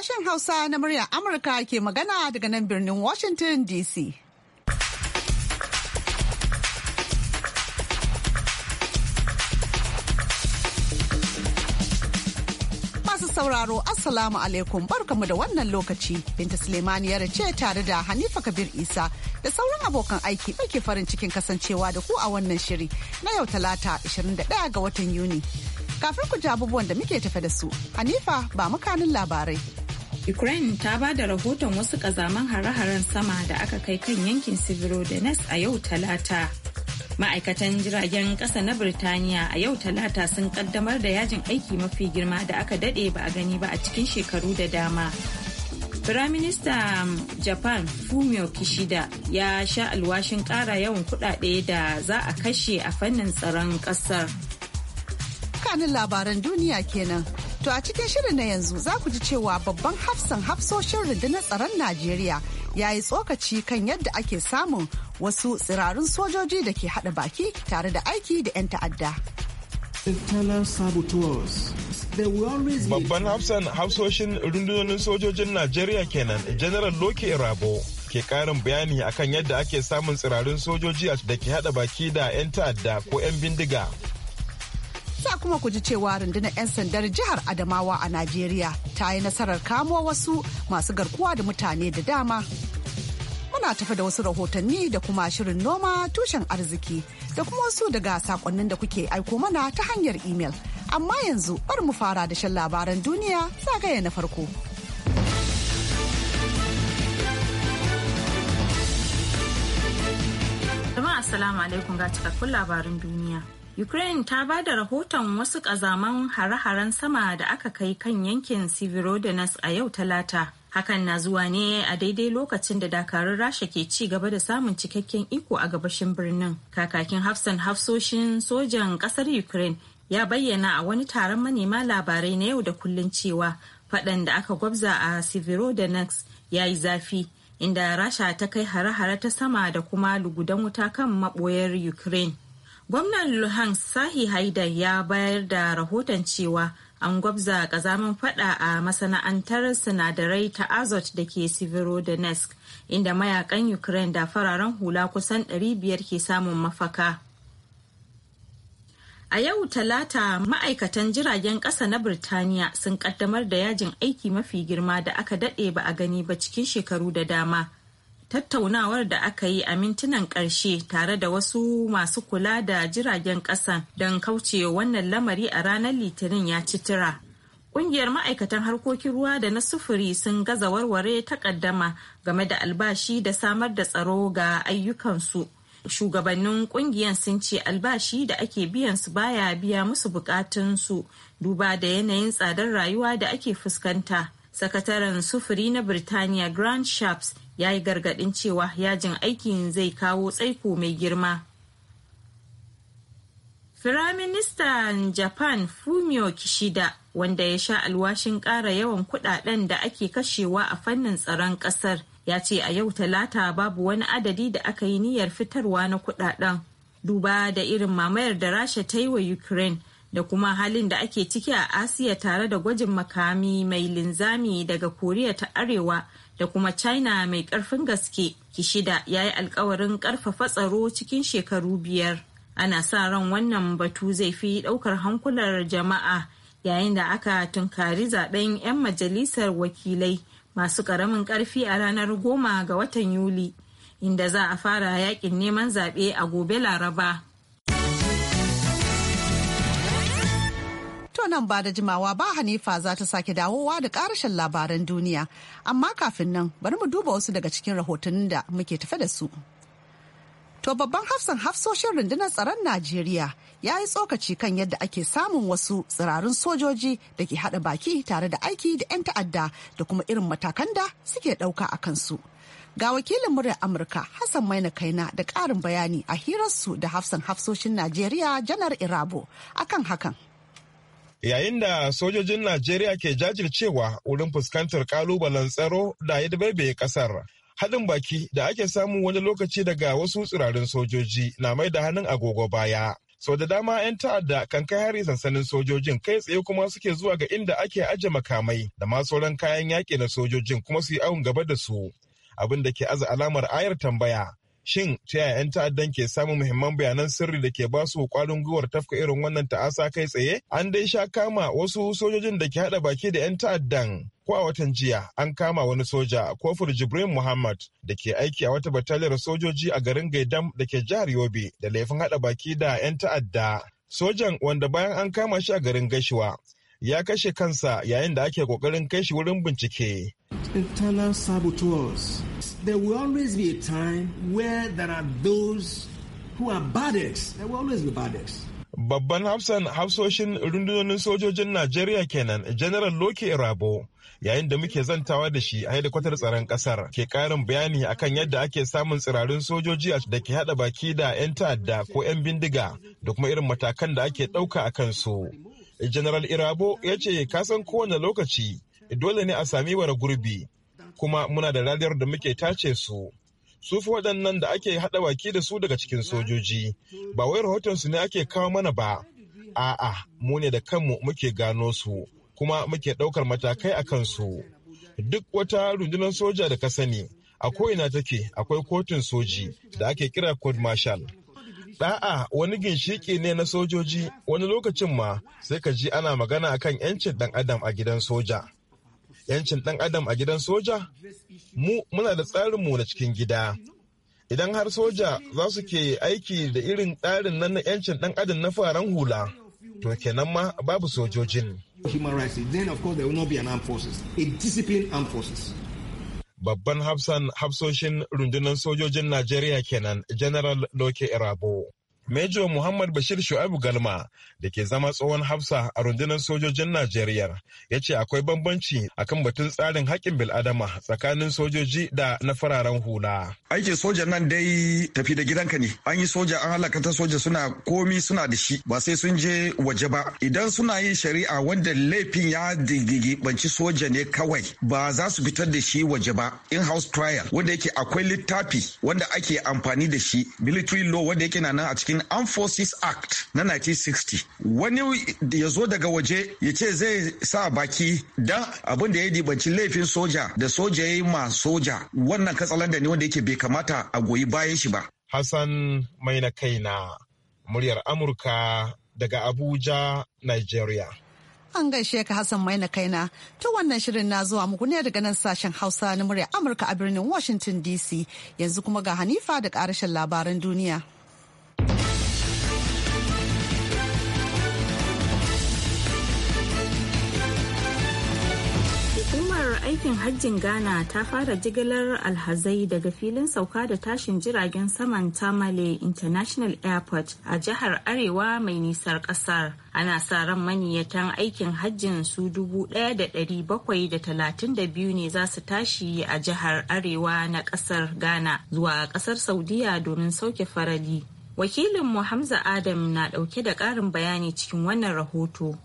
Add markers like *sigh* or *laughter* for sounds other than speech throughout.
Sashen Hausa na muryar Amurka ke magana daga nan birnin Washington DC. Masu sauraro Assalamu alaikum barkamu da wannan lokaci. Binta ya ce tare da Hanifa Kabir Isa da sauran abokan aiki ɗauke farin cikin kasancewa da ku a wannan shiri na yau talata 21 ga watan Yuni. Kafin ku ji abubuwan da muke tafe da su, Hanifa ba mukanin labarai. Ukraine ta ba da rahoton wasu kazaman hare-haren sama da aka kai kan yankin Severodonetsk a yau talata. Ma'aikatan jiragen ƙasa na Birtaniya a yau talata sun kaddamar da yajin aiki mafi girma da aka daɗe ba a gani ba a cikin shekaru da dama. Firaminista Japan Fumio Kishida ya sha alwashin ƙara yawan kuɗaɗe da za a kashe a fannin tsaron ƙasar. Kanin labaran duniya kenan. To a cikin shirin na yanzu za ku ji cewa babban hafsan hafsoshin rundunar tsaron Najeriya ya yi tsokaci kan yadda ake samun wasu tsirarun sojoji da ke haɗa baki tare da aiki da 'yan ta'adda. Babban hafsan hafsoshin rundunonin sojojin Najeriya kenan, General Loke Rabo. ke karin bayani akan yadda ake samun tsirarun sojoji da ke hada baki da 'yan ta'adda ko 'yan bindiga Za kuma ku ji cewa rundunar 'yan sandar jihar Adamawa a Najeriya ta yi nasarar kamo wasu masu garkuwa da mutane da dama. Muna tafi da wasu rahotanni da kuma shirin noma tushen arziki da kuma wasu daga sakonnin da kuke aiko mana ta hanyar imel. Amma yanzu bari mu fara da shan labaran duniya zagaya na farko. Jama'a Assalamu alaikum ga cikakkun labarin duniya. Ukraine ta ba da rahoton wasu ƙazaman hare-haren sama da aka kai kan yankin Severodonetsk a yau talata. Hakan na zuwa ne a daidai lokacin da dakarun Rasha ke ci gaba da samun cikakken iko a gabashin birnin. Kakakin hafsan hafsoshin sojan ƙasar Ukraine ya bayyana a wani taron manema labarai na yau da kullun cewa faɗan da aka gwabza a Severodonetsk ya yi zafi. inda rasha ta kai hare-hare ta sama da kuma lugudan wuta kan maboyar ukraine Gwamnan Luhan Sahi Haidar ya bayar da rahoton cewa an gwabza kazamin fada a masana'antar sinadarai ta Azot da ke da Severodonetsk, inda mayakan Ukraine da fararen hula kusan 500 ke samun mafaka. A yau Talata ma'aikatan jiragen ƙasa na Birtaniya sun ƙaddamar da yajin aiki mafi girma da aka daɗe ba a gani ba cikin shekaru da dama. tattaunawar da aka yi a mintunan ƙarshe tare da wasu masu kula da jiragen ƙasa don kauce wannan lamari a ranar litinin ya ci tira. Ƙungiyar ma'aikatan harkokin ruwa da na sufuri sun gaza warware takaddama game da albashi da samar da tsaro ga ayyukansu. Shugabannin ƙungiyar sun ce albashi da ake biyan su baya biya musu bukatunsu duba da yanayin tsadar rayuwa da ake fuskanta. Sakataren sufuri na Birtaniya Grand Sharps ya yi gargaɗin cewa yajin aikin zai kawo tsaiko mai girma Firaministan Japan Fumio Kishida wanda ya sha alwashin ƙara yawan kuɗaɗen da ake kashewa a fannin tsaron ƙasar ya ce a yau talata babu wani adadi da aka yi niyyar fitarwa na kuɗaɗen duba da irin mamayar da rasha ta yi wa Ukraine da kuma halin da ake ciki a Asiya tare da gwajin makami mai linzami daga Koriya ta Arewa da kuma china mai karfin gaske kishida ya yi alkawarin karfafa tsaro cikin shekaru biyar ana sa ran wannan batu zai fi daukar hankular jama'a yayin da aka tunkari zaben 'yan majalisar wakilai masu karamin karfi a ranar goma ga watan yuli inda za a fara yakin neman zaɓe a gobe laraba To nan ba da jimawa ba Hanifa za ta sake dawowa da karashin labaran duniya. Amma kafin nan bari mu duba wasu daga cikin rahotannin da muke tafe da su. To babban hafsan hafsoshin rundunar tsaron Najeriya ya yi tsokaci kan yadda ake samun wasu tsirarun sojoji da ke haɗa baki tare da aiki da 'yan ta'adda da kuma irin matakan da suke ɗauka a kansu. Ga wakilin muryar Amurka Hassan Maina Kaina da ƙarin bayani a hirarsu da hafsan hafsoshin Najeriya Janar Irabo akan hakan. yayin da sojojin Najeriya ke jajircewa wurin fuskantar kalubalen tsaro da ya dabaibaye kasar. Haɗin baki da ake samu wani lokaci daga wasu tsirarin sojoji na mai da hannun agogo baya. Sau da dama 'yan ta'adda kan kai hari sansanin sojojin kai tsaye kuma suke zuwa ga inda ake aje makamai da ma sauran kayan yaƙi na sojojin kuma su yi awon gaba da su. Abin da ke aza alamar ayar tambaya Shin ta yaya 'yan ta'addan ke samun muhimman bayanan sirri da ke basu kwarin gwiwar tafka irin wannan ta'asa kai tsaye? An dai sha kama wasu sojojin da ke haɗa baki da 'yan ta'addan. Ko a watan jiya an kama wani soja kofur Jibrin Muhammad da ke aiki a wata bataliyar sojoji a garin Gaidam da ke jihar Yobe da laifin haɗa baki da 'yan ta'adda. Sojan wanda bayan an kama shi a garin Gashiwa ya kashe kansa yayin da ake kokarin kai shi wurin bincike. Internal saboteurs there will always be a time where there are those who are bad eggs. There will always be bad eggs. Babban hafsan hafsoshin rundunonin sojojin Najeriya kenan General Loke Irabo, yayin da muke zantawa da shi a hedikwatar tsaron kasar ke karin bayani akan yadda ake samun tsirarin sojoji da ke hada baki da 'yan ta'adda ko 'yan bindiga da kuma irin matakan da ake ɗauka a kansu. General Irabo ya ce kasan kowane lokaci dole ne a sami wara gurbi kuma muna da radiyar da muke tace su su fi waɗannan da ake haɗa baki da su daga cikin sojoji ba wai rahotonsu ne ake kawo mana ba a'a mu ne da kanmu muke gano su kuma muke ɗaukar matakai a kansu duk wata rundunar soja da ka sani a ko'ina take akwai kotun soji da ake kira court marshal da'a wani ginshiƙi ne na sojoji wani lokacin ma sai ka ji ana magana akan 'yancin ɗan adam a gidan soja 'yancin ɗan adam a gidan soja? Mu muna da tsarinmu na cikin gida. Idan har soja za su ke aiki da irin tsarin nan na 'yancin ɗan adam na faran hula, to kenan ma babu sojojin. Babban hafsan hafsoshin rundunar sojojin Najeriya kenan, General Loke Irabo. Major Muhammad Bashir Shu'aibu Galma da ke zama tsohon hafsa a rundunar sojojin Najeriya ya ce akwai bambanci akan batun tsarin haƙƙin bil'adama tsakanin sojoji da na fararen hula. Aikin soja nan dai tafi da gidanka ne. An yi soja an halakata soja suna komi suna da shi ba sai sun je waje ba. Idan suna yin shari'a wanda laifin ya banci soja ne kawai ba za su fitar da shi waje ba. In-house trial wanda yake akwai littafi wanda ake amfani da shi military law wanda yake na nan a cikin Armed Forces Act na 1960 wani ya zo daga waje ya ce zai sa baki don abin da ya dibanci laifin soja da soja ya yi ma soja wannan katsalanda ne wanda yake bai kamata a goyi bayan shi ba. Hassan mai na kaina muryar Amurka daga Abuja, Nigeria. An gaishe ka Hassan Maina kaina ta wannan shirin na zuwa muku ne daga nan sashen Hausa na murya Amurka a birnin Washington DC yanzu kuma ga Hanifa da karashin labaran duniya. aikin hajjin Ghana ta fara jigilar alhazai daga filin sauka da tashin jiragen saman Tamale International Airport a jihar Arewa mai nisar kasar. Ana sa ran maniyatan aikin hajjin su dubu ɗaya da ɗari bakwai da talatin da biyu ne za su tashi a jihar Arewa na kasar Ghana zuwa kasar Saudiya domin sauke farali. Wakilinmu Hamza Adam na ɗauke da ƙarin bayani cikin wannan rahoto.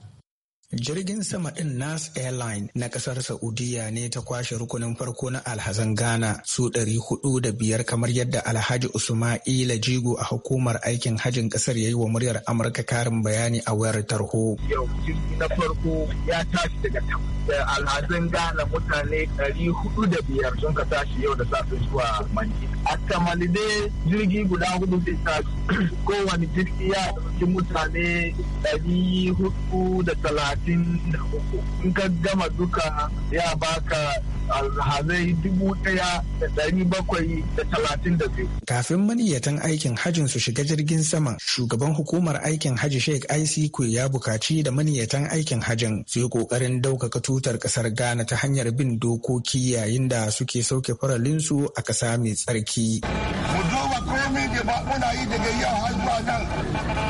Jirgin sama ɗin Nas Airline na ƙasar Saudiya ne ta kwashe rukunin farko na alhazan Ghana su ɗari hudu da biyar kamar yadda Alhaji Usma'ila Jigo a hukumar aikin hajin ƙasar ya yi wa muryar Amurka karin bayani a wayar tarho. Yau jirgi na farko ya tashi daga da alhazan Ghana mutane ɗari hudu da biyar sun ka tashi yau da safe zuwa Manji. A kamali dai jirgi guda hudu zai tashi *clears throat* kowane jirgi ya ɗauki mutane ɗari hudu da talatin. sittin da uku in ka gama duka ya baka alhazai dubu ɗaya da dari bakwai da talatin da biyu. Kafin maniyyatan aikin hajin su shiga jirgin saman, shugaban hukumar aikin hajji Sheikh ICQ ya bukaci da maniyyatan aikin hajin su yi ƙoƙarin ɗaukaka tutar kasar Ghana ta hanyar bin dokoki yayin da suke sauke faralinsu a kasa mai tsarki. Mu duba komai da ba muna yi daga yau har zuwa nan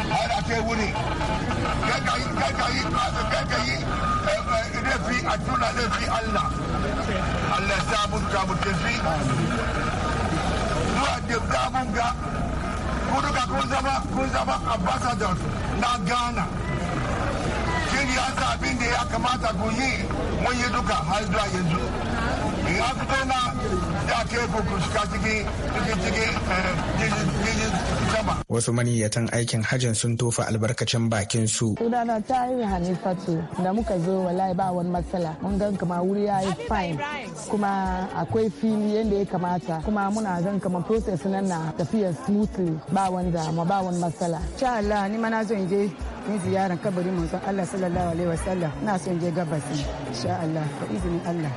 har a kai wuri. Gagayi, gagayi, gagayi, rafi a Allah. mutu ta shi zuwa da gabun ga kudu ka kun zama kun zama na ghana shi ya sa abin da ya kamata kun yi mun yi duka har zuwa yanzu ya na da ke ku shiga cikin jirgin sama. Wasu maniyyatan aikin hajjin sun tofa albarkacin bakin su. Sunana ta yi Hanifatu da muka zo wallahi ba wani matsala. Mun gan kama wuri ya yi fine kuma akwai fili yadda ya kamata kuma muna gan kama process nan na tafiya smoothly ba wani ma ba wani matsala. Sha Allah ni mana zo je ni ziyarar kabarin manzon Allah sallallahu alaihi wasallam na so je gabas insha Allah da izinin Allah.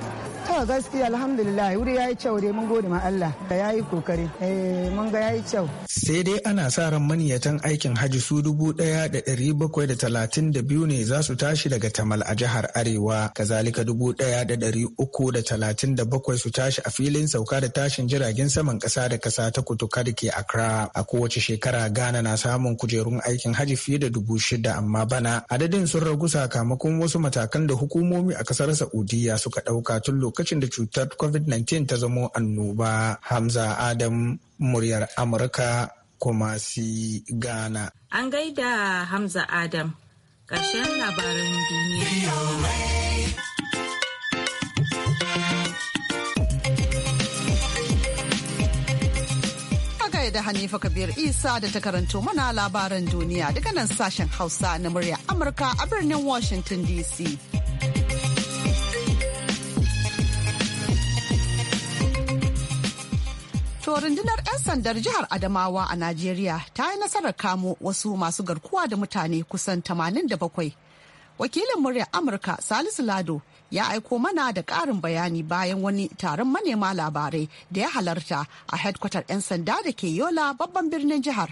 ta gaskiya alhamdulillah wuri yi kyau dai mun gode ma Allah da ya yi kokari eh, mun ga ya yi kyau. Sai dai ana sa ran maniyatan aikin Hajji su dubu ɗaya da ɗari bakwai da talatin da biyu ne za su tashi daga Tamal a jihar Arewa kazalika dubu ɗaya da ɗari uku da talatin da bakwai su tashi a filin sauka da tashin jiragen saman ƙasa da ƙasa ta kutuka da ke Accra a kowace shekara Ghana na samun kujerun aikin Hajji fiye da dubu shida amma bana adadin sun ragu sakamakon wasu matakan da hukumomi a ƙasar Saudiya suka ɗauka tun lokacin da cutar covid-19 ta zamo annoba hamza adam muryar amurka kuma si ghana an gaida hamza adam ƙarshen labaran duniya da Hanifa Kabir Isa da ta karanto mana labaran duniya daga nan sashen Hausa na murya Amurka a birnin Washington DC. To rundunar 'yan sandar jihar Adamawa a Najeriya ta yi nasarar kamo wasu masu garkuwa da mutane kusan 87. Wakilin Murya Amurka Salisu Lado ya aiko mana da ƙarin bayani bayan wani taron manema labarai da ya halarta a hedkwatar 'yan sanda da ke Yola babban birnin jihar.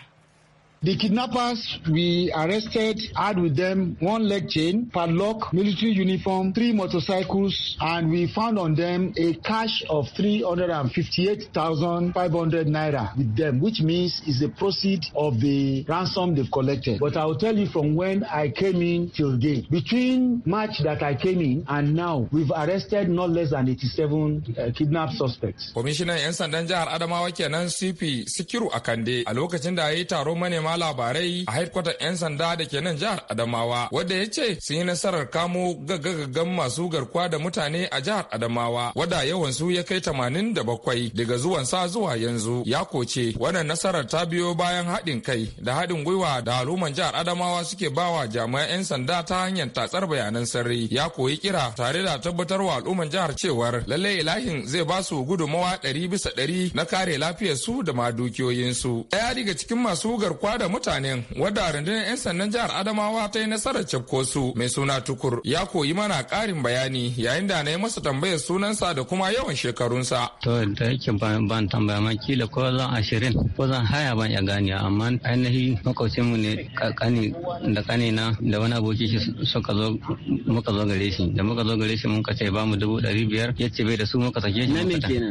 The kidnappers we arrested had with them one leg chain, padlock, military uniform, three motorcycles, and we found on them a cash of 358,500 naira with them, which means is the proceed of the ransom they've collected. But I'll tell you from when I came in till date. Between March that I came in and now, we've arrested not less than 87 uh, kidnapped suspects. Commissioner, sandan jihar Adamawa kenan CP Sikiru Akande a lokacin da manema labarai a haikwatar 'yan sanda da ke nan jihar Adamawa wadda ya ce sun yi nasarar kamo gaggagaggan masu garkuwa da mutane a jihar Adamawa wadda yawan su ya kai tamanin da bakwai daga zuwan sa zuwa yanzu ya koce wannan nasarar ta biyo bayan haɗin kai da haɗin gwiwa da al'umman jihar Adamawa suke bawa jami'an 'yan sanda ta hanyar tatsar bayanan sirri ya koyi kira tare da tabbatar wa al'umman jihar cewar lallai ilahin zai ba su gudummawa ɗari bisa ɗari na kare lafiyar su da ma dukiyoyinsu. Ɗaya daga cikin masu garkuwa da mutanen wadda rundunar 'yan sannan jihar Adamawa ta yi nasarar cafko su mai suna tukur ya koyi mana karin bayani yayin da na yi masa tambayar sunansa da kuma yawan shekarunsa. To da yake ban tambaya ma kila ko zan ashirin ko zan haya ban ya gani amma ainihi mu ne kani da kani na da wani aboki shi suka zo muka zo gare shi da muka zo gare shi mun ce ba mu dubu ɗari biyar ya ce bai da su muka sake shi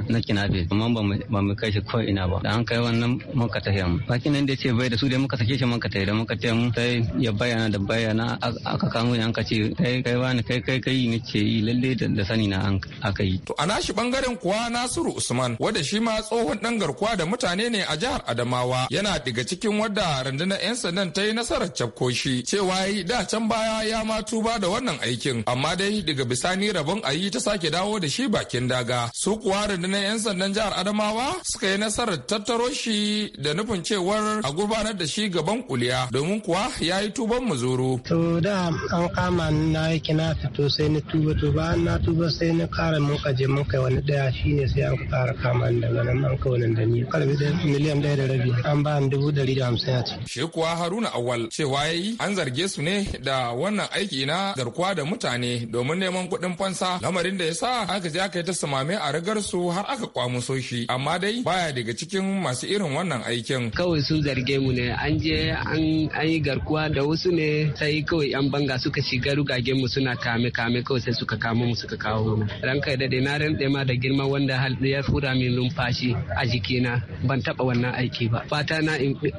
na kinafe amma ba mu kai shi ko ina ba da an kai wannan muka tafiya mu. Bakin nan da ce bai da su dai muka sake shi muka tai da muka mu sai ya bayyana da bayyana aka kamo ni an ka ce kai kai bani kai kai kai ni ce yi lalle da sani na an aka yi. To a nashi bangaren kuwa Nasiru Usman wanda shi ma tsohon dan garkuwa da mutane ne a jihar Adamawa yana daga cikin wadda rundunar 'yan sandan ta yi nasarar cafko shi cewa yi da can baya ya ma tuba da wannan aikin amma dai daga bisani rabon a yi ta sake dawo da shi bakin daga su kuwa rundunar 'yan sandan jihar Adamawa suka yi nasarar tattaro shi da nufin cewar a gurbanar da da shi gaban kuliya domin kuwa ya yi tuban muzuru. To da an kama na yi kina fito sai na tuba to na tuba sai na kara mun kaje mun kai wani daya shine sai an kara kama ni nan an kai wani da ni. Karbi da miliyan daya da rabi an ba ni dubu dari da hamsin a ciki. Shi kuwa Haruna Awal cewa ya yi an zarge su ne da wannan aiki na garkuwa da mutane domin neman kuɗin fansa lamarin da ya sa aka je aka yi ta samame a rigar su har aka kwamuso shi amma dai baya daga cikin masu irin wannan aikin. Kawai sun zarge mu ne an je an yi garkuwa da wasu ne sai kawai yan banga suka shiga rugagen mu suna kame kame kawai sai suka kama mu suka kawo mu ranka da na rantse ma da girma wanda hal ya fura min numfashi a jikina ban taba wannan aiki ba fata na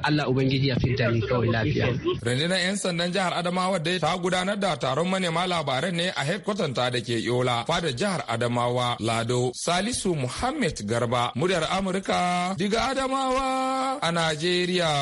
Allah ubangiji ya fita ni kawai lafiya rundunar yan sandan jihar Adamawa dai ta gudanar da taron manema labaran ne a headquarters ta da Yola fada jihar Adamawa Lado Salisu Muhammad Garba muryar Amurka diga Adamawa a Najeriya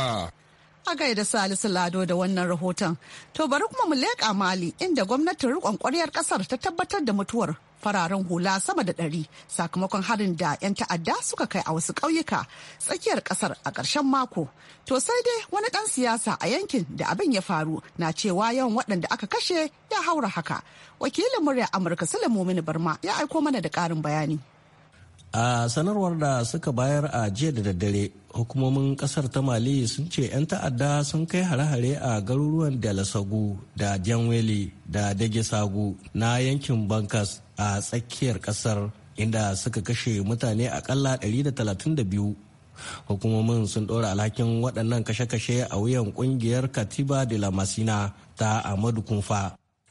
a gaida Salisu Lado da wannan rahoton. To bari kuma mu leƙa Mali inda gwamnatin riƙon ƙwaryar ƙasar ta tabbatar da mutuwar fararen hula sama da ɗari sakamakon harin da 'yan ta'adda suka kai a wasu ƙauyuka tsakiyar ƙasar a ƙarshen mako. To sai dai wani ɗan siyasa a yankin da abin ya faru na cewa yawan waɗanda aka kashe ya haura haka. Wakilin murya Amurka muminu Barma ya aiko mana da ƙarin bayani. a sanarwar da suka bayar a jiya da daddare hukumomin kasar ta mali sun ce 'yan ta'adda sun kai hare-hare a garuruwan dalasagu da janweli da dage sagu na yankin bankas a tsakiyar kasar inda suka kashe mutane akalla 132 hukumomin sun ɗora alhakin waɗannan kashe-kashe a wuyan ƙungiyar katiba de la masina ta amadu kumfa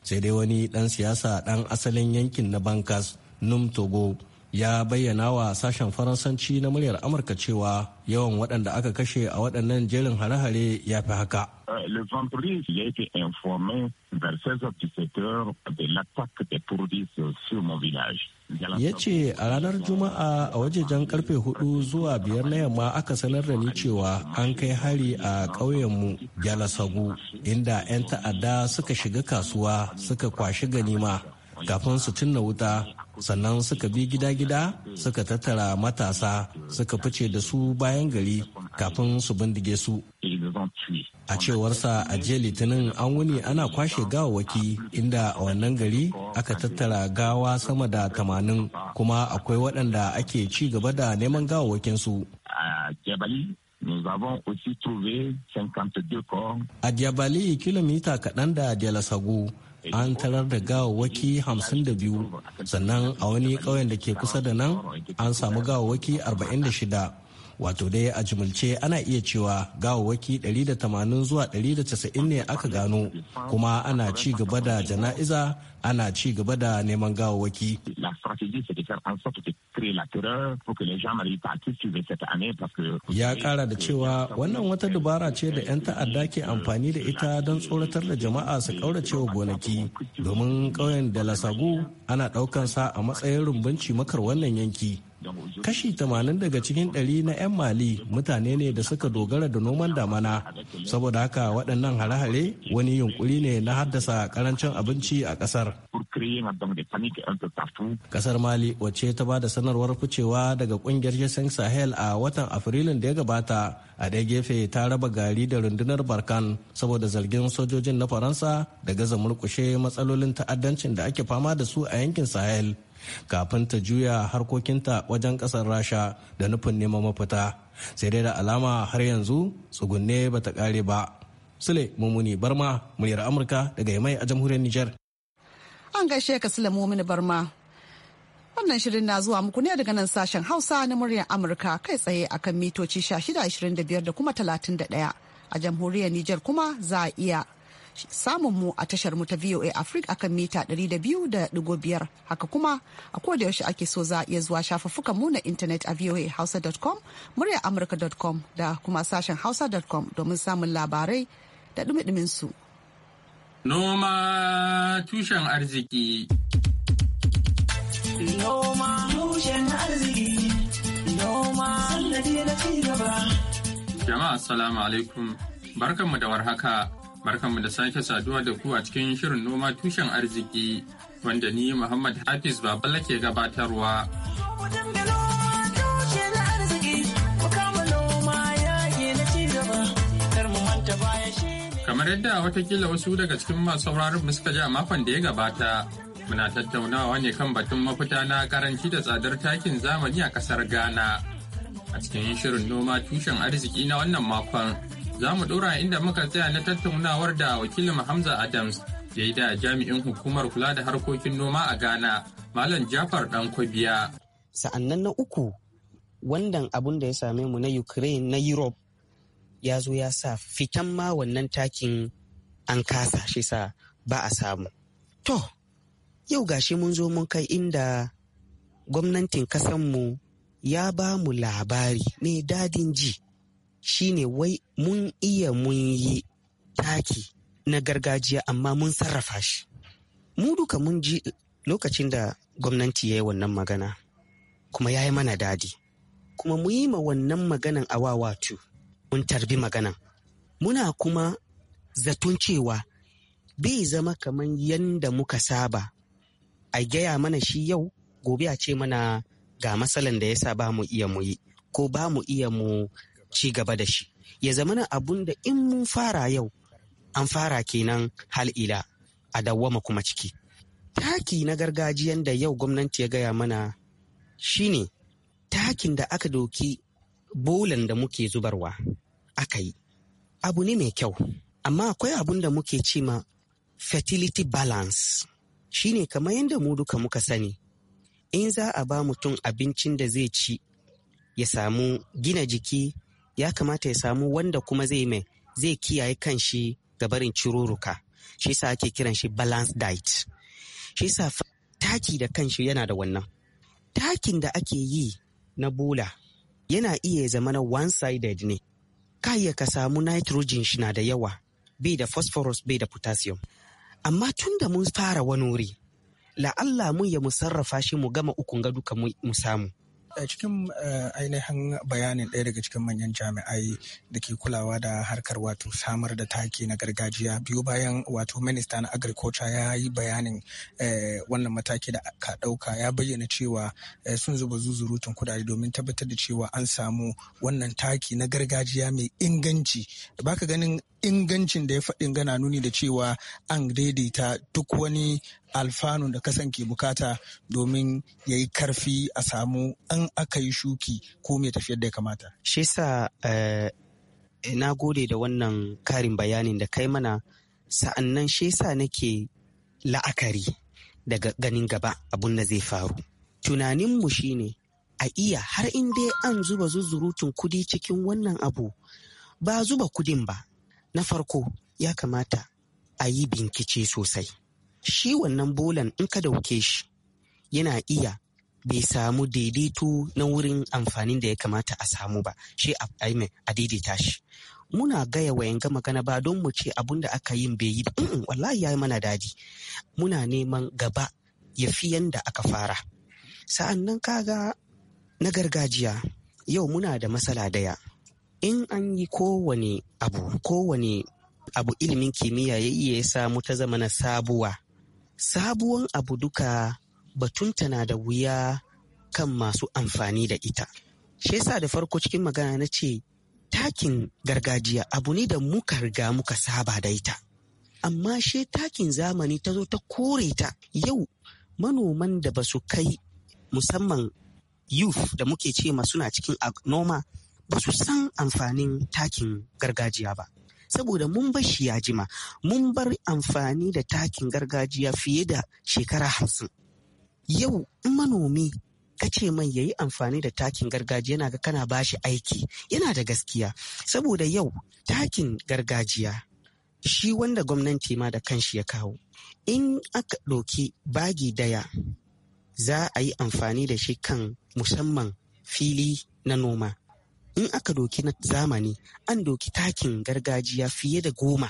sai dai wani ɗan siyasa ɗan asalin yankin na bankas num togo ya bayyana wa sashen faransanci na muryar amurka cewa yawan waɗanda aka kashe a waɗannan jerin hare-hare ya fi haka euh, ya ce a ranar juma'a a wajejen karfe 4 zuwa biyar na yamma aka sanar da ni cewa an kai hari a ƙauyenmu gyalasagu inda 'yan ta'adda suka shiga kasuwa suka kwashi ganima kafin su cinna wuta sannan suka bi gida-gida suka tattara matasa suka fice da su bayan gari kafin su bindige su a cewarsa a jiya litinin an wuni ana kwashe gawawaki inda a wannan gari aka tattara gawa sama da tamanin kuma akwai waɗanda ake ci gaba da neman gawawakinsu su A Diabali, kilomita kaɗan da sago. an tarar da gawawwaki 52 sannan a wani ƙauyen da ke kusa da nan an samu gawawwaki 46 wato dai a jimilce ana iya cewa gawawwaki 180 zuwa 190 ne aka gano kuma ana ci gaba da jana'iza ana ci gaba da neman gawawwaki trilateral pour les gens à cette année parce que ya kara da cewa wannan wata dubara ce da 'yan ta'adda ke amfani da ita don tsoratar da jama'a su kauracewa gonaki domin ƙauyen da lasago ana sa a matsayin rumbunci makar wannan yanki kashi tamanin daga cikin 100 na 'yan mali mutane ne da suka dogara da noman damana saboda haka waɗannan hare-hare wani yunkuri ne na haddasa karancin abinci a ƙasar créer panic the tafu. Kasar Mali wace ta ba da sanarwar ficewa daga kungiyar g Sahel a watan Afrilun da ya gabata a dai gefe ta raba gari da rundunar Barkan saboda zargin sojojin na Faransa da gaza murkushe matsalolin ta'addancin da ake fama da su a yankin Sahel. kafin ta juya harkokinta wajen kasar rasha da nufin neman mafita sai dai da alama har yanzu tsugunne bata kare ba sule mummuni barma muryar amurka daga yamai a jamhuriyar nijar An gaishe ka Sulamu mini barma. Wannan shirin na zuwa muku ne daga nan sashen Hausa na muryar Amurka kai tsaye akan mitoci 1625 da kuma 31 a jamhuriyar Nijar kuma za a iya samun mu a tashar mu ta VOA Africa akan mita 200.5 haka kuma a koda yaushe ake so za a iya zuwa shafuffukan mu na intanet a hausa.com muryar amurka.com da kuma sashen hausa.com domin samun labarai da dumi su. Noma tushen arziki. Noma tushen arziki. Noma sannadi na ci gaba. Jama'a salamu alaikum. Barkanmu da warhaka. Barkanmu da sake saduwa da ku a cikin shirin noma tushen arziki wanda ni Muhammad Hafiz Baballa ke gabatarwa. Kamar yadda watakila wasu daga cikin masu sauraron suka ji a makon da ya gabata, muna tattaunawa ne kan batun mafita na karanci da tsadar takin zamani a kasar Ghana. A cikin shirin noma tushen arziki na wannan makon, za mu ɗora inda muka tsaya na tattaunawar da wakilin Hamza Adams ya yi da jami'in hukumar kula da harkokin noma a Ghana, Malam Jafar Dankwabiya. Sa'annan na uku, wannan abun da ya same mu na Ukraine na Europe ya zo ya sa fitan ma wannan takin an kasa shi sa ba a samu. To, yau gashi mun zo mun kai inda gwamnatin kasanmu ya ba mu labari mai dadin ji shine wai mun iya mun yi taki na gargajiya amma mun sarrafa shi. Mu duka mun ji lokacin da gwamnati ya yi wannan magana kuma ya yi mana dadi. Kuma mu yi ma wannan maganan watu. mun tarbi magana. Muna kuma zaton cewa bai zama kamar yanda muka saba a gaya mana shi yau gobe a ce mana ga matsalan da ya sa ba mu iya mu yi ko ba mu iya mu ci gaba da shi ya zama na abun da in mun fara yau an fara kenan hal'ila a dawwama kuma ciki taki na gargajiyan da yau gwamnati ya gaya mana shi ne takin da aka doki bolan da muke zubarwa aka yi abu ne mai kyau amma akwai abun da muke ce ma fertility balance shine kamar yadda mu duka muka sani in za a ba mutum abincin da zai ci ya samu gina jiki ya kamata ya samu wanda kuma zai mai zai kiyaye kanshi ga barin ciruruka shi sa ake kiran shi balance diet shi sa taki da kanshi yana da wannan takin da ake yi na bula yana iya zama na one-sided ne kaya ka samu nitrogen shi na da yawa bai da phosphorus bai da potassium amma tun da mun fara wani wuri la'alla mun ya mu sarrafa shi mu gama ukun ga duka mu samu a cikin eh, ainihin bayanin ɗaya daga cikin manyan jami'ai da ke kulawa da harkar wato samar da taki na gargajiya biyu bayan wato minista na agriculture ya yi bayanin eh, wannan mataki da ka ɗauka ya bayyana cewa eh, sun zuba zuzurutun kudade domin tabbatar da cewa an samu wannan taki na gargajiya mai inganci da baka ganin ingancin da ya faɗin gana nuni da cewa an daidaita duk wani alfanu da kasan ke bukata domin ya yi karfi a samu an aka yi shuki ko mai tafiyar da ya kamata. Shi sa eh, na gode da wannan karin bayanin da kai mana sa'annan nan shi sa nake la'akari daga ganin gaba abun da zai faru. Tunaninmu shi ne a iya har in dai an zuba zuzurutun kudi cikin wannan abu ba zuba kudin ba. Na farko ya kamata a yi bincike sosai. shi wannan bolan in ka dauke shi yana iya bai samu daidaito na wurin amfanin da ya kamata a samu ba shi a daidaita shi muna gaya wayan ga magana ba don mu ce abun da aka yin bai yi ba. wallahi ya yi mana dadi muna neman gaba ya fi yanda aka fara sa'an nan kaga na gargajiya yau muna da matsala daya in an yi kowane abu ilimin kimiyya ya iya ya samu ta zama na sabuwa sabuwan abu duka batunta na da wuya kan masu amfani da ita. Shi yasa da farko cikin magana na ce takin gargajiya abu ne da muka riga muka saba da ita. Amma shi takin zamani ta zo ta kore ta yau manoman da ba su kai musamman youth da muke ce suna cikin noma ba su san amfanin takin gargajiya ba. saboda mun bar shi ya jima mun bar amfani da takin gargajiya fiye da shekara hamsin yau in manomi ka ce man yayi amfani da takin gargajiya yana ga kana bashi aiki yana da gaskiya saboda yau takin gargajiya shi wanda gwamnati ma da kanshi ya kawo in aka ɗauki bagi daya za a yi amfani da shi kan musamman fili na noma in aka doki na zamani an doki takin gargajiya fiye da goma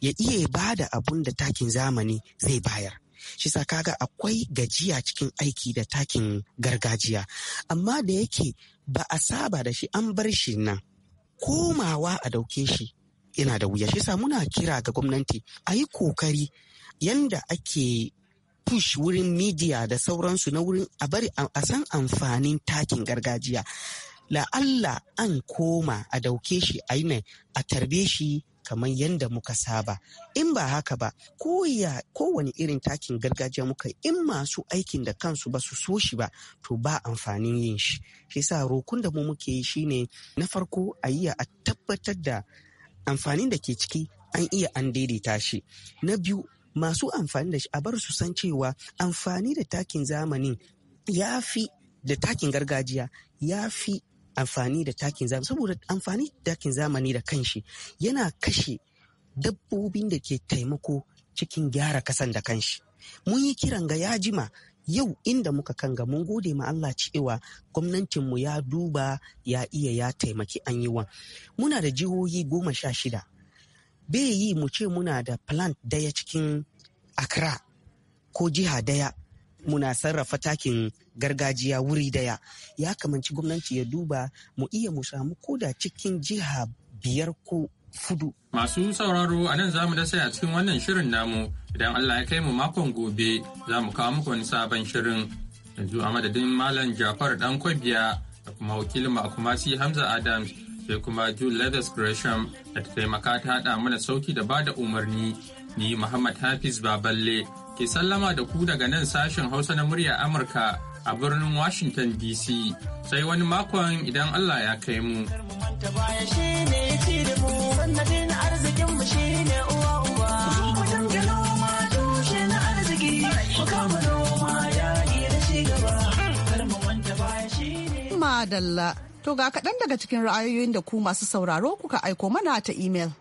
ya iya ba da abun da takin zamani zai bayar shi sa kaga akwai gajiya cikin aiki da takin gargajiya amma da yake ba a saba da shi an bar shi nan komawa a dauke shi yana da wuya shi sa muna kira ga gwamnati a yi kokari yanda ake push wurin media da sauransu na wurin a bari a san amfanin takin gargajiya la'alla an koma a dauke shi a yi a tarbe shi kamar yadda muka saba in ba haka ba kowane irin takin gargajiya muka in masu aikin da kansu ba su so shi ba to ba amfanin yin shi shi sa rokun da mu muke yi shine na farko a yi a tabbatar da amfanin da ke ciki an iya an daidaita shi na biyu masu amfani da shi a bar su san cewa amfani da takin zamanin ya fi da takin gargajiya ya fi amfani da takin zamani saboda amfani da takin zamani da kanshi yana kashe dabbobin da ke taimako cikin gyara kasan da kanshi mun yi kiran ga ya jima yau inda muka kan ga mun gode ma Allah cewa gwamnatinmu ya duba ya iya ya taimaki an yi wan muna da jihohi goma sha shida bai yi mu ce muna da plant daya cikin Accra ko jiha daya muna sarrafa takin gargajiya wuri daya ya kamanci gwamnati ya duba mu iya mu samu koda cikin jiha biyar ko fudu. Masu sauraro a nan za mu dasa a cikin wannan shirin namu idan Allah ya kai mu makon gobe za mu kawo muku wani sabon shirin. Yanzu a madadin Malam Jafar Dan Kwabiya da kuma wakilin si Hamza Adams sai kuma Jude Leathers Gresham da ta taimaka ta haɗa mana sauki da bada umarni ni Muhammad Hafiz Baballe ke sallama da ku daga nan sashen Hausa na murya Amurka a birnin Washington DC. Sai wani makon idan Allah ya kai mu. Madalla, to ga kaɗan daga cikin ra'ayoyin da ku masu sauraro kuka aiko mana ta imel.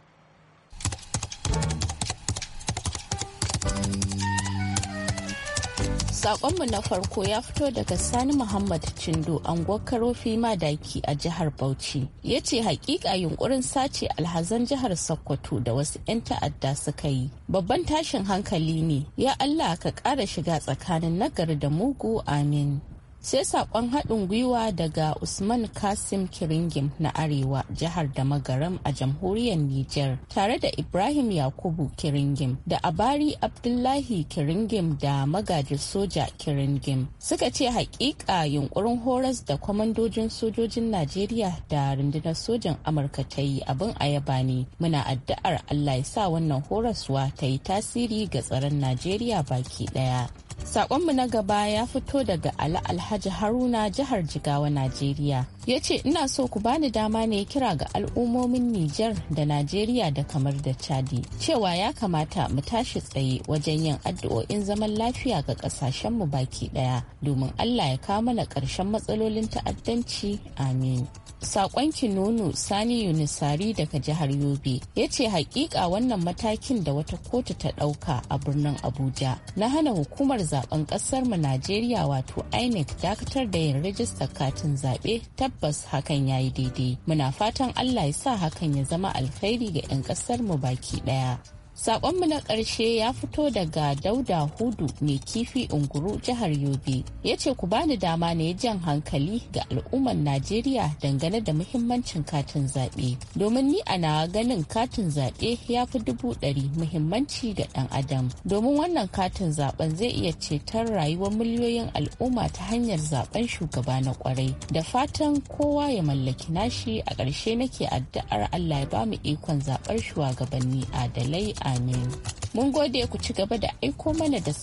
Sakonmu na farko ya fito daga Sani Muhammad Cindo anguwar Karofi Madaki a jihar Bauchi. Ya ce hakika yunkurin sace alhazan jihar Sokoto da wasu 'yan ta'adda suka yi. Babban tashin hankali ne, ya Allah ka ƙara shiga tsakanin nagari da mugu amin. sai sakon haɗin gwiwa daga usman kasim kiringim na arewa jihar da magaram a jamhuriyar niger tare da ibrahim yakubu kiringim da abari abdullahi kiringim da magajin soja kiringim suka ce hakika yunkurin horas da kwamandojin sojojin najeriya da rundunar sojan amurka ta yi abin ayaba ne muna addu'ar allah ya sa wannan horaswa ta yi tasiri ga tsaron najeriya baki ɗaya. Sakonmu na gaba ya fito daga Ala Alhaji Haruna jihar Jigawa, Najeriya. Ya ce, "Ina so ku bani dama ne kira ga al'ummomin Nijar da Najeriya da kamar da Chadi, cewa ya kamata mu tashi tsaye wajen yin addu'o'in zaman lafiya ga ƙasashenmu baki ɗaya, domin Allah ya kawo mana ƙarshen matsalolin ta'addanci. Amin." sakonki nono Sani Yunisari daga jihar Yobe ya ce hakika wannan matakin da wata kotu ta ɗauka a birnin Abuja na hana hukumar zaben kasar mu Najeriya wato INEC dakatar da yin rajistar katin zaɓe tabbas hakan ya yi daidai. Muna fatan Allah ya sa hakan ya zama alkhairi ga 'yan ƙasar mu baki daya. Sakonmu na ƙarshe ya fito daga Dauda Hudu mai kifi unguru jihar Yobe. Ya ce ku bani dama ne jan hankali ga al'ummar Najeriya dangane da muhimmancin katin zaɓe. Domin ni ana ganin katin zaɓe ya fi dubu ɗari muhimmanci ga ɗan adam. Domin wannan katin zaɓen zai iya cetar rayuwar miliyoyin al'umma ta hanyar zaɓen shugaba na kwarai. Da fatan kowa ya mallaki nashi a ƙarshe nake addu'ar Allah ya bamu ikon zaɓar shugabanni adalai amin. Mun gode ku ci gaba da aiko mana da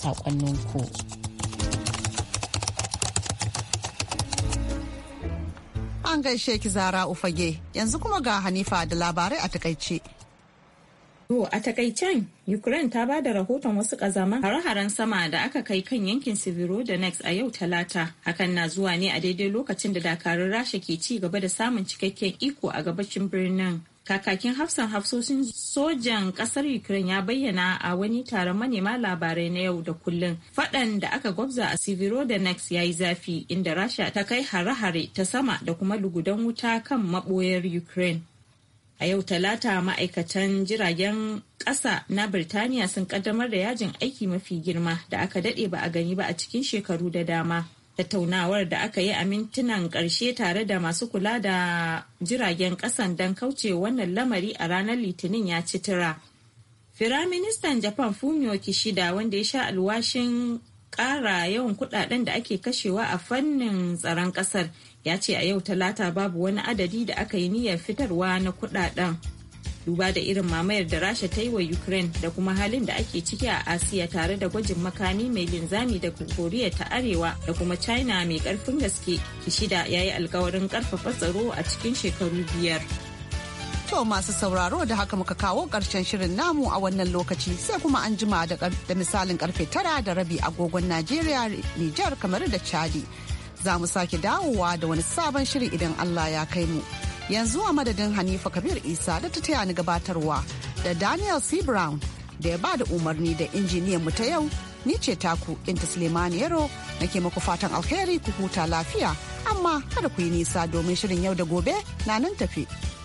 ku. An gaishe ki zara ufage yanzu kuma ga Hanifa da labarai a takaice. a takaicen Ukraine ta ba da rahoton wasu kazaman hare-haren sama da aka kai kan yankin da siviro nex a yau talata. Hakan na zuwa ne a daidai lokacin da dakarun Rasha ke ci gaba da samun cikakken iko a gabashin birnin. kakakin hafsan hafsoshin sojan kasar ukraine ya bayyana a wani taron manema labarai na yau da kullun fadan da aka gwabza a siviro da nex ya yi zafi inda rasha ta kai hare-hare ta sama da kuma lugudan wuta kan maboyar ukraine a yau talata ma'aikatan jiragen ƙasa na birtaniya sun kaddamar da yajin aiki mafi girma da aka daɗe ba a gani ba a cikin shekaru da dama tattaunawar da aka yi a mintunan ƙarshe tare da masu kula da jiragen ƙasan don kauce wannan lamari a ranar litinin ya ci tura. Firaministan Japan Fumio Kishida wanda ya sha alwashin ƙara yawan kuɗaɗen da ake kashewa a fannin tsaron ƙasar ya ce a yau talata babu wani adadi da aka yi niyyar fitarwa na kuɗaɗen. duba da irin mamayar da rasha ta yi wa ukraine da kuma halin da ake ciki a asiya tare da gwajin makami mai linzami da koriya ta arewa da kuma china mai karfin gaske kishida ya yi alkawarin karfafa tsaro a cikin shekaru biyar to masu sauraro da haka muka kawo karshen shirin namu a wannan lokaci sai kuma an jima da misalin karfe tara da rabi agogon najeriya nijar kamar da chadi za mu sake dawowa da wani sabon shiri idan allah ya kai mu. yanzu a madadin hanifa kabir isa da ta taya ni gabatarwa da daniel c brown da ya ba da umarni da injiniyan mu ta yau ni ce taku inta Suleiman yaro nake maku fatan alheri ku huta lafiya amma kada ku yi nisa domin shirin yau da gobe na nan tafi.